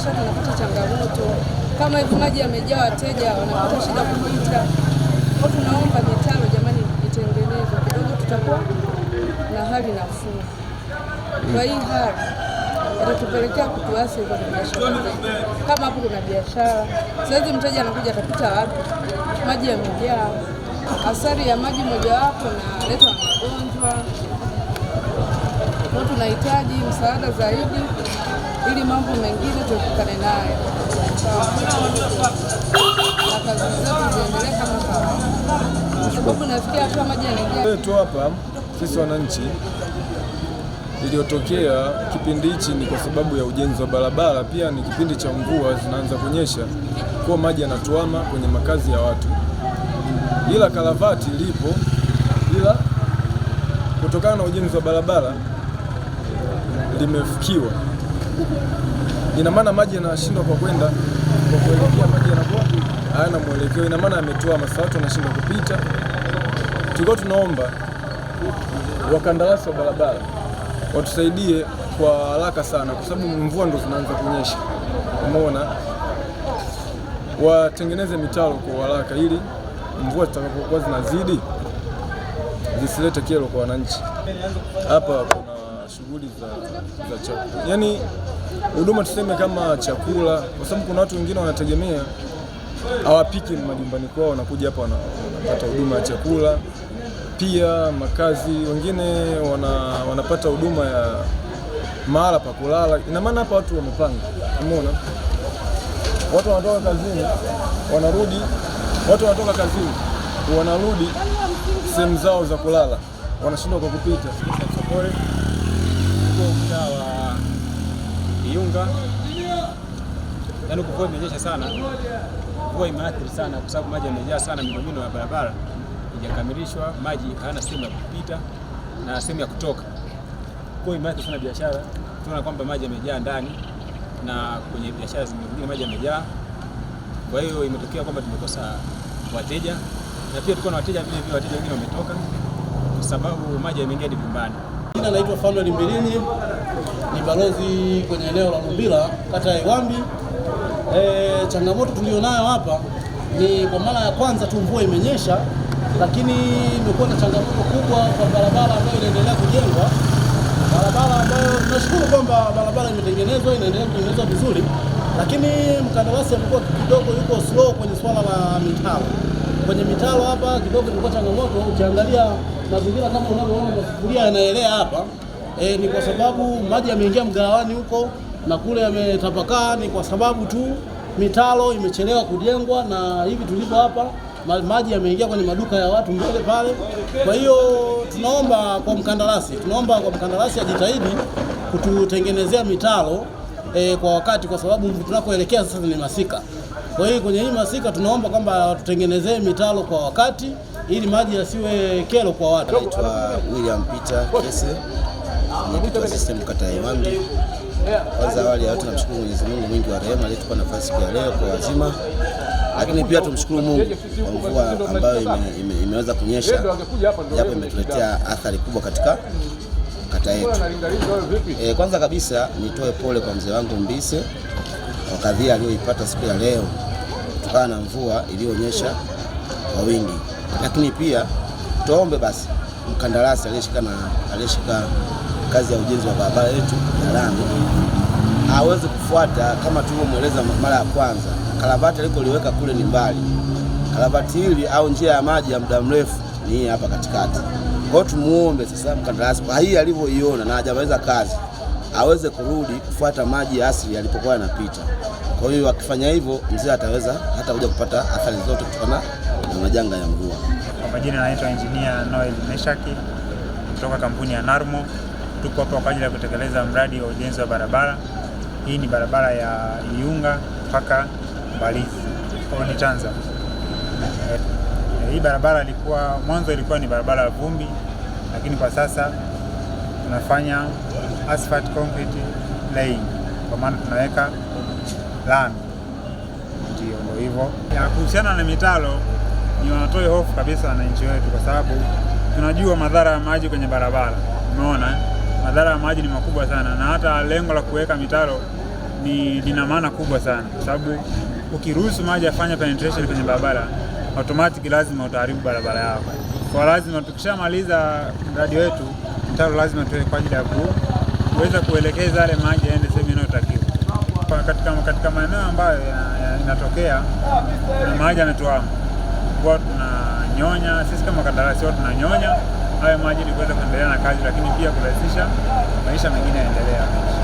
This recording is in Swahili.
biashara tunapata changamoto, kama hivi maji yamejaa, wateja wanapata shida kupita. Kwa tunaomba mitaro jamani itengenezwe kidogo, tutakuwa na hali nafuu. Kwa hii hali itatupelekea kutuasi kwa biashara. Kama hapo kuna biashara saizi, mteja anakuja atapita wapi? Maji yamejaa. Athari ya maji mojawapo naleta magonjwa, kwa tunahitaji msaada zaidi ili mambo mengine tuepukane nayo na kazi zetu ziendelee kama kawaida, kwa sababu nafikia hatua maji yanaingia tu hapa. Sisi wananchi, iliyotokea kipindi hichi ni kwa sababu ya ujenzi wa barabara, pia ni kipindi cha mvua zinaanza kunyesha, kwa maji yanatuama kwenye makazi ya watu, ila karavati lipo, ila kutokana na ujenzi wa barabara limefukiwa. Ina maana maji yanashindwa kwa kwenda kwa kuelekea, maji yanakuwa hayana mwelekeo, ina maana ametoa masato, anashindwa kupita. Tulikuwa tunaomba wakandarasi wa barabara watusaidie kwa haraka sana, kwa sababu mvua ndo zinaanza kunyesha, umeona, watengeneze mitaro kwa haraka, ili mvua zitakapokuwa zinazidi zisilete kero kwa wananchi hapa shughuli za, za chakula, yaani huduma tuseme kama chakula, kwa sababu kuna watu wengine wanategemea hawapiki majumbani kwao, wanakuja hapa wanapata huduma ya chakula, pia makazi. Wengine wana, wanapata huduma ya mahala pa kulala. Ina maana hapa watu wamepanga, umeona, watu wanatoka kazini wanarudi, watu wanatoka kazini wanarudi sehemu zao za kulala, wanashindwa kwa kupita tuko mtaa wa Iunga, yaani mvua imenyesha sana, mvua imeathiri sana kwa sababu maji yamejaa sana, miundombinu ya barabara ijakamilishwa maji hayana sehemu ya kupita na sehemu ya kutoka, kwa imeathiri sana biashara. Tunaona kwamba maji yamejaa ndani na kwenye biashara zingine maji yamejaa, kwa hiyo imetokea kwamba tumekosa wateja na pia tulikuwa na wateja vile vile, wateja wengine wametoka kwa sababu maji yameingia hadi jina naitwa Fanuel Mbilini, ni balozi kwenye eneo la Lumbila, kata ya Iwambi. E, changamoto tulionayo hapa ni kwa mara ya kwanza tu mvua imenyesha, lakini imekuwa na changamoto kubwa kwa barabara ambayo inaendelea kujengwa, barabara ambayo tunashukuru kwamba barabara imetengenezwa, inaendelea kutengenezwa vizuri, lakini mkandarasi amekuwa kidogo yuko slow kwenye swala la mitaro kwenye mitaro hapa kidogo ilikuwa changamoto. Ukiangalia mazingira kama unavyoona masufuria yanaelea hapa e, ni kwa sababu maji yameingia mgawani huko na kule yametapakaa, ni kwa sababu tu mitaro imechelewa kujengwa, na hivi tulipo hapa maji yameingia kwenye maduka ya watu mbele pale. Kwa hiyo tunaomba kwa mkandarasi, tunaomba kwa mkandarasi ajitahidi kututengenezea mitaro e, kwa wakati, kwa sababu tunakoelekea sasa ni masika. Kwa hiyo kwenye hii masika tunaomba kwamba tutengenezee mitalo kwa wakati ili maji yasiwe kero kwa watu. Naitwa William Peter Kese, mwenyekiti wa system kata ya Iwambi. Kwanza awali ya yote namshukuru Mwenyezi Mungu mwingi wa rehema alitupa nafasi ya leo kwa wazima, lakini pia tumshukuru Mungu kwa mvua ambayo imeweza ime, ime kunyesha, japo imetuletea athari kubwa katika kata yetu. E, kwanza kabisa nitoe pole kwa mzee wangu Mbise kwa kadhia aliyoipata siku ya leo kutokana na mvua iliyonyesha kwa wingi, lakini pia tuombe basi mkandarasi aliyeshika na aliyeshika kazi ya ujenzi wa barabara yetu ya lami aweze kufuata kama tulivyomweleza mara ya kwanza, karavati alikoliweka kule ni mbali. Karavati hili au njia ya maji ya muda mrefu ni hii hapa katikati. Kwa tumuombe sasa mkandarasi kwa hii alivyoiona na hajamaliza kazi aweze kurudi kufuata maji asili yalipokuwa yanapita. Kwa hiyo akifanya hivyo, mzee ataweza hata kuja kupata athari zote kutokana na majanga ya mvua. Kwa majina anaitwa Engineer Noel Meshaki kutoka kampuni ya Narmo. Tuko hapa kwa ajili ya kutekeleza mradi wa ujenzi wa barabara. Hii ni barabara ya Iunga mpaka Mbalizi. Ni Tanzania hii barabara ilikuwa mwanzo ilikuwa ni barabara ya vumbi, lakini kwa sasa tunafanya asphalt concrete laying, kwa maana tunaweka lami. Ndio ndio hivyo. Kuhusiana na mitaro, ni wanatoe hofu kabisa wananchi wetu, kwa sababu tunajua madhara ya maji kwenye barabara. Umeona madhara ya maji ni makubwa sana, na hata lengo la kuweka mitaro ni lina maana kubwa sana, kwa sababu ukiruhusu maji afanye penetration kwenye barabara automatic lazima utaharibu barabara yao. Kwa lazima tukishamaliza mradi wetu mtaro lazima tuwe kwa ajili ya kuweza kuelekeza yale maji yaende sehemu inayotakiwa. Katika, katika maeneo ambayo inatokea na maji yametuama, kwa tunanyonya sisi kama kandarasi wao tunanyonya hayo maji ili kuweza kuendelea na kazi, lakini pia kurahisisha maisha mengine yaendelea.